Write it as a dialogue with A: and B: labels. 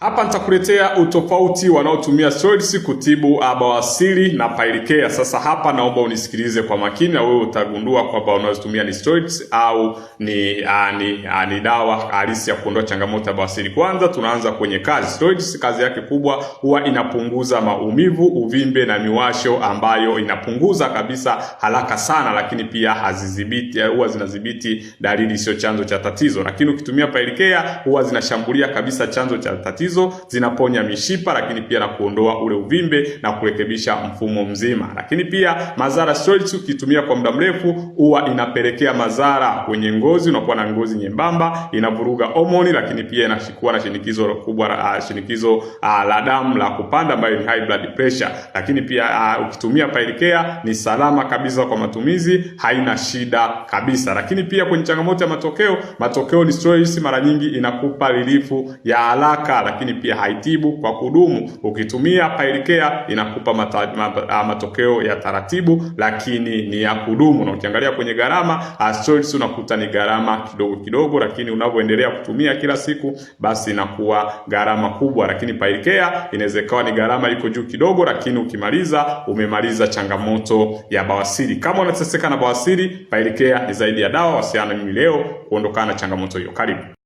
A: Hapa nitakuletea utofauti wanaotumia steroids kutibu abawasiri na pailikea. Sasa hapa naomba unisikilize kwa makini, na wewe utagundua kwamba unazotumia ni steroids au ni, a, ni, a, ni dawa halisi ya kuondoa changamoto ya bawasiri. Kwanza tunaanza kwenye kazi. Steroids kazi yake kubwa huwa inapunguza maumivu, uvimbe na miwasho ambayo inapunguza kabisa haraka sana, lakini pia hazidhibiti, huwa zinadhibiti dalili, sio chanzo cha tatizo. Lakini ukitumia pailikea huwa zinashambulia kabisa chanzo cha tatizo hizo zinaponya mishipa, lakini pia na kuondoa ule uvimbe na kurekebisha mfumo mzima. Lakini pia Mazara Stress ukitumia kwa muda mrefu huwa inapelekea madhara kwenye ngozi, unakuwa na ngozi nyembamba, inavuruga homoni, lakini pia inashikua na shinikizo kubwa uh, shinikizo uh, la damu la kupanda ambayo ni high blood pressure. Lakini pia uh, ukitumia Pilecare ni salama kabisa kwa matumizi, haina shida kabisa. Lakini pia kwenye changamoto ya matokeo, matokeo ni stress mara nyingi inakupa lilifu ya haraka lakini pia haitibu kwa kudumu. Ukitumia Pailikea inakupa mata, ma, ah, matokeo ya taratibu, lakini ni ya kudumu, na ukiangalia kwenye gharama Astrolis unakuta ni gharama kidogo kidogo, lakini unavyoendelea kutumia kila siku, basi inakuwa gharama kubwa. Lakini Pailikea inaweza ikawa ni gharama iko juu kidogo, lakini ukimaliza umemaliza changamoto ya bawasiri. Kama unateseka na bawasiri, Pailikea ni zaidi ya dawa. Wasiana mimi leo kuondokana na changamoto hiyo. Karibu.